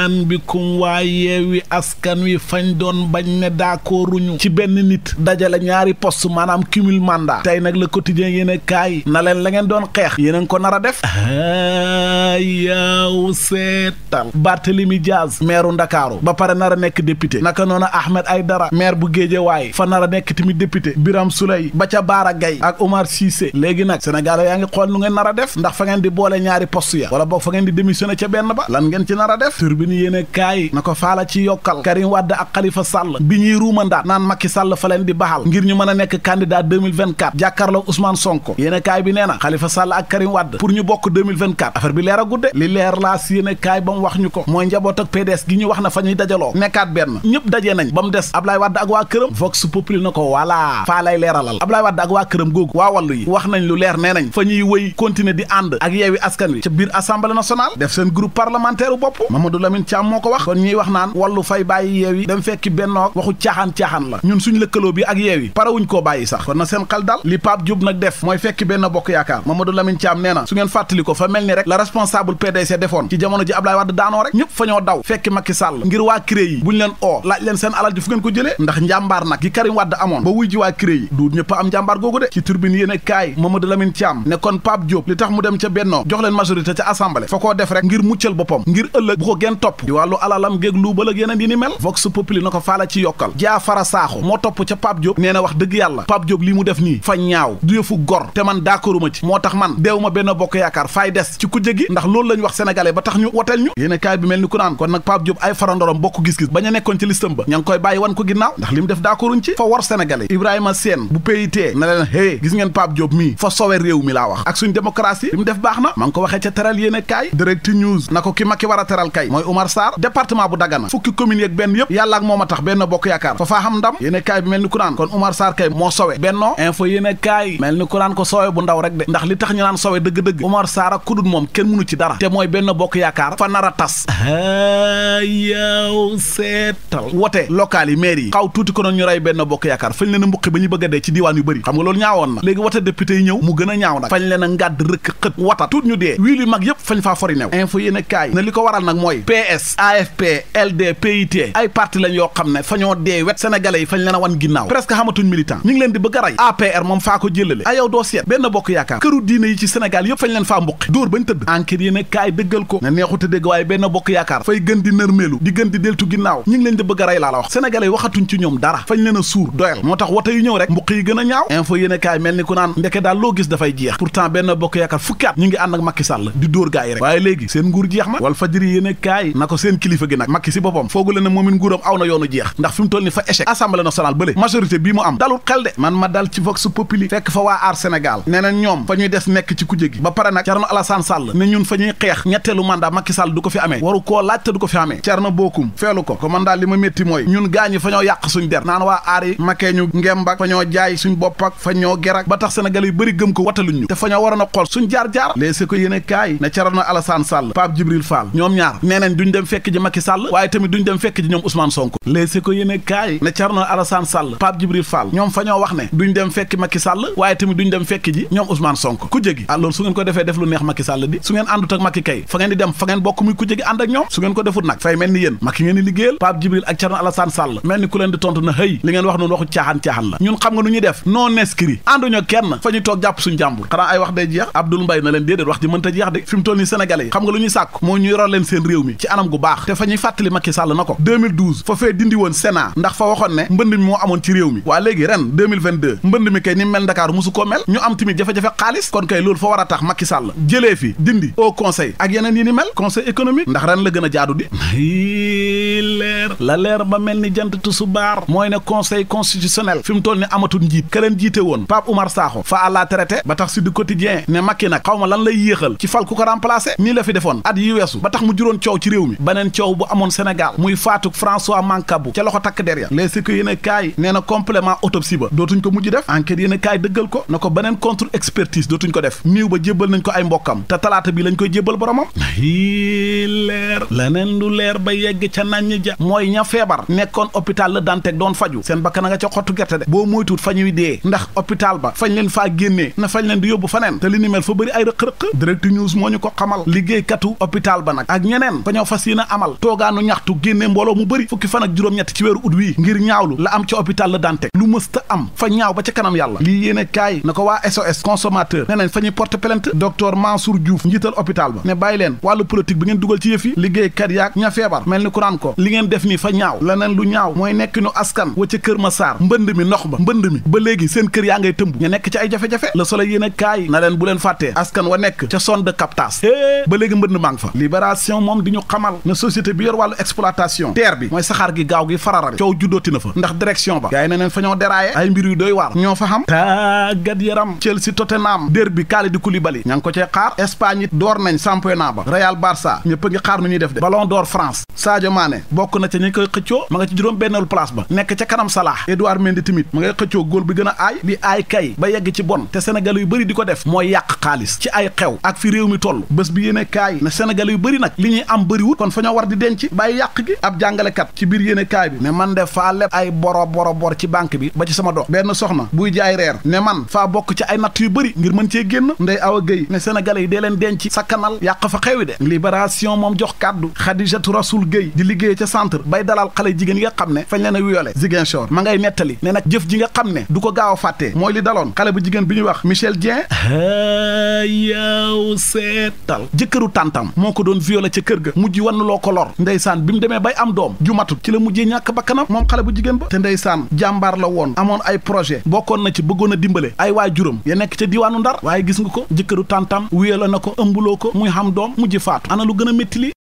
naan bi kum waa yeewi askan wi fañ doon bañ ne daakooruñu ci benn nit dajale ñaari poste maanaam cumul mandat tey nag le quotidien yéen a kaay na leen la ngeen doon xeex yéen ko nar a def yaaw seetal Barthélemy Diaz maire Ndakaaru ba pare nar a nekk député naka noonu Ahmed Aïdara maire bu Guédiawaye fa nar a nekk tamit député Birame Souleye ba ca Baara Gaye ak Omar Cissé léegi nag Sénégal yaa ngi xool nu ngeen nar a def ndax fa ngeen di boole ñaari poste ya wala boog fa ngeen di démissionné ca benn ba lan ngeen ci nar a def tribune yéene kaay na ko faala ci yokkal Karim Wade ak Khalifa Sall bi ñuy ruumandaat naan Macky Sall fa leen di baxal ngir ñu mën a nekk candidat 2024 jàkkaarloo Ousmane Sonko yéene kaay bi nee na Khalifa Sall ak Karim Wade pour ñu bokk 2024 affaire bi leer gudde li leer laas yéene kaay ba mu wax ñu ko mooy njaboot ak PDS gi ñu wax na fa ñuy dajaloo nekkaat benn ñëpp dajee nañ ba mu des Ablaye Wade ak waa këram Vox Populi na ko voilà faa lay Lamine moo ko wax kon ñuy wax naan wallu fay bàyyi yeew yi dem fekki bennoog waxu caaxaan-caaxaan la ñun suñ lëkkaloo bi ak yeew yi parawuñ koo bàyyi sax kon na seen xel dal li Pape Diop nag def mooy fekki benn bokk yaakaar Mamadou Lamine Thiam nee na su ngeen fàttali ko fa mel ni rek la responsable PDC defoon ci jamono ji Ablaye Wade daanoo rek ñëpp fa ñoo daw fekki Macky Sall ngir waa CREA yi buñ leen oo laaj leen seen alal ji fu ngeen ko jëlee ndax njàmbaar nag gi Karim Wade am njàmbaar googu e kaay topp di wàllu alalam géeg luubal ak yeneen yi ni mel vox populi na ko faala ci yokkal jaafara saaxo moo topp te man d'accorduma ci moo tax man deew ma benn bokk des ci kujje gi ndax loolu lañ wax sénégalais ba tax ñu woteel ñu yéen kaay bi mel ni gis-gis bañ a nekkoon ci listam ba ña koy bàyyi wan ko ginnaaw ndax li mu def d'accorduñ ci fa war sénégalais Ibrahima Sène bu PIT na leen hé gis ngeen Pape Diop mii fa sowe réew mi laa wax ak suñ démocratie li mu def baax na ma ko waxee ca teral yéen kaay direct news na ko ki ma ki war a teral kay mooy Omar bu Dagana fukki commune yeeg benn yëpp yàlla moom a tax benn bokk yaakaar fa faa xam ndam yéene kaay bi mel ni ku naan kon Omar Sarr kay moo sowe bennoo info yéene kaay mel ni ku naan ko sowe bu ndaw rek de ndax li tax ñu naan sowe dëgg-dëgg Omar Sarr ak kudul moom kenn mënu ci dara te mooy benn bokk yaakaar fa nar a tas yow seetal wote local yi maire yi xaw tuuti ko noon ñu benn bokk yaakaar fañ leen mbuqi ba ñu bëgg dee ci diiwaan yu bëri xam nga loolu ñaawoon na léegi wote député yi a ñaaw nag fañ leen a na mooy PS yi fañ leen a wan ginnaaw presque xamatuñ militant ñu leen a rey APR moom faa ko jëlale a yow doo seet benn bokk yaakaar këru diine yi fañ leen faa mbuqi dóor bañ tëdd enquête yi ne kaay dëggal ko ne neexute dégg waaye benn bokk yaakaar fay leen a wax fañ leen a suur doyal moo tax wote yu ñëw rek mbuq yi gën a ñaaw info yéen kaay mel ni ku naan ndeke daal loo gis dafay jeex pourtant benn bokk yaakaar fukkaat ñu ngi ànd ak Macky Sall di dóor gaay rek waaye léegi seen nguur jeex na wal fajri yéen na ko seen kilifa gi nag Macky si boppam foogule ne moomin nguuram aw na yoonu jeex ndax fi mu toll ni fa échec assemblée nationale bële majorité bii mu am dalul xel de man ma dal ci vox populi fekk fa waa aar Sénégal nee ñoom fa ñuy des nekk ci kujje gi ba pare nag Thierno Alassane Sall ne ñun fa ñuy xeex ñetteelu mandat Macky Sall du ko fi amee waru koo laaj te ko fi amee Thierno Bokum feelu ko ko man daal li ma métti mooy ñun gaañi fa ñoo yàq suñ der a xool suñ jaar-jaar léeg si ko yéene duñ dem su ngeen àndut ak Macky kay fa ngeen di dem fa ngeen bokk muy ku jégi ànd ak ñoom su ngeen ko defut nag fay mel ni yéen Macky ngeen liggéeyal Pape Djibril ak Thierno Alassane Sall mel ni ku leen di tontu na hëy li ngeen wax noonu waxu caaxaan-caaxaan la ñun xam nga nu ñuy def non inscrit ànduñu kenn fa ñuy toog jàpp suñu jàmbur xanaa ay wax day jeex Abdoul Mbaye na leen déedéet wax ji mënta jeex de fi mu toll ni sénégalais yi xam nga lu ñuy sàkk anam gu baax te fa ñuy fàttali Macky Sall na ko 2012 fee dindi woon Sénat ndax fa waxoon ne mbënd mi moo amoon ci réew mi waa léegi ren 2022 mi kay ni mel Dakar musu koo mel ñu am tamit jafe-jafe xaalis kon kay loolu fa war tax Macky Sall jëlee fi dindi au conseil ak yeneen yi ni mel conseil économique ndax ren la gën a jaadu di leer la leer ba mel ni jant tu su baar mooy ne conseil constitutionnel fi mu toll ni amatul njiit ka leen jiite woon Pape Oumar Sakho fa à la traité ba tax si du quotidien la fi defoon at yi réew mi beneen coow bu amoon Sénégal muy faatuk François Mancabou ca loxo takk der ya les si que kaay nee na complément autopsie ba dootuñ ko mujj def enquête yéen a kaay dëggal ko na ko beneen contre expertise dootuñ ko def néew ba jébbal nañ ko ay mbokkam te talaata bi lañ koy jébbal boromam leer leneen lu leer ba yegg ca nañ ja mooy ña feebar nekkoon hôpital la Dantec doon faju seen bakkan a nga ca xottu gerte de boo moytuut fa ñuy dee ndax na fañ leen di yóbbu faneen te li ni fas yéene amal toogaanu ñaxtu génne mbooloo mu bëri fukki fan ak juróom-ñett ci weeru ut wii ngir ñaawlu la am ci hôpital Le Dantec lu mësta am fa ñaaw ba ca kanam yàlla lii yéene na ko waa SOS consommateur ne fa ñuy porte plainte docteur Mansour Diouf njiital hôpital ba ne bàyyi leen wàllu politique bi ngeen dugal ci yëf yi liggéeykat yaak ña feebar mel ni ku ko li ngeen def nii fa ñaaw leneen lu ñaaw mooy nekk nu askan wa ca Kër Massar mi ndox ba mbënd mi ba léegi seen kër yaa ngay tëmb ña nekk ci ay jafe-jafe nekk ca zone de xamal ne société bi yor wàllu exploitation terre bi mooy saxaar gi gaaw gi farara bi coow juddooti na fa ndax direction ba gars yi ne neen fa deraaye ay mbir yu doy waar ñoo fa xam tàggat yaram Chelsea Tottenham derby Kalidou Koulibaly ña ngi ko cee xaar Espagne it door nañ championnat ba Real Barça ñëpp a ngi xaar nu ñuy def de Ballon d'Or France Sadio Mané bokk na ca ñi koy xëccoo ma nga ci juróom benneelu place ba nekk ca kanam Salah Edouard Mendy a aay ba di ko def mooy yàq xaalis ci ay mi toll bés bi yéene kaay ne Sénégal wut kon fa ñoo war di denc bàyyi yàq gi ab jàngalekat ci biir yéene kaay bi mais man de faa leb ay boro boro bor ci banque bi ba ci sama dox benn soxna buy jaay reer ne man faa bokk ci ay natt yu bëri ngir mën cee génn ndey awa géy ne sénégalais yi dee leen denc sakkanal yàq fa xewi de libération moom jox kàddu xadijatu rasul géy di liggéey ca centre bay dalal xale jigéen yi nga xam ne fañ leen a wiyole Ziguinchor ma ngay nettali ne nag jëf ji nga xam ne du ko gaaw a fàttee mooy li daloon xale bu jigéen bi ñuy wax Michel Dieng yaw jëkkëru tàntam moo ko doon violé ca kër ga mujj ji wann ko lor ndeysaan bi mu demee bay am doom ju ci la mujjee ñàkk bakkanam moom xale bu jigéen ba te ndeysaan jàmbaar la woon amoon ay projet bokkoon na ci bëggoon a dimbale ay waajuram ya nekk ca diwaanu ndar waaye gis nga ko jëkkëru tàntam wuyela na ko ëmbuloo ko muy xam doom mujj faatu ana lu gën a métti li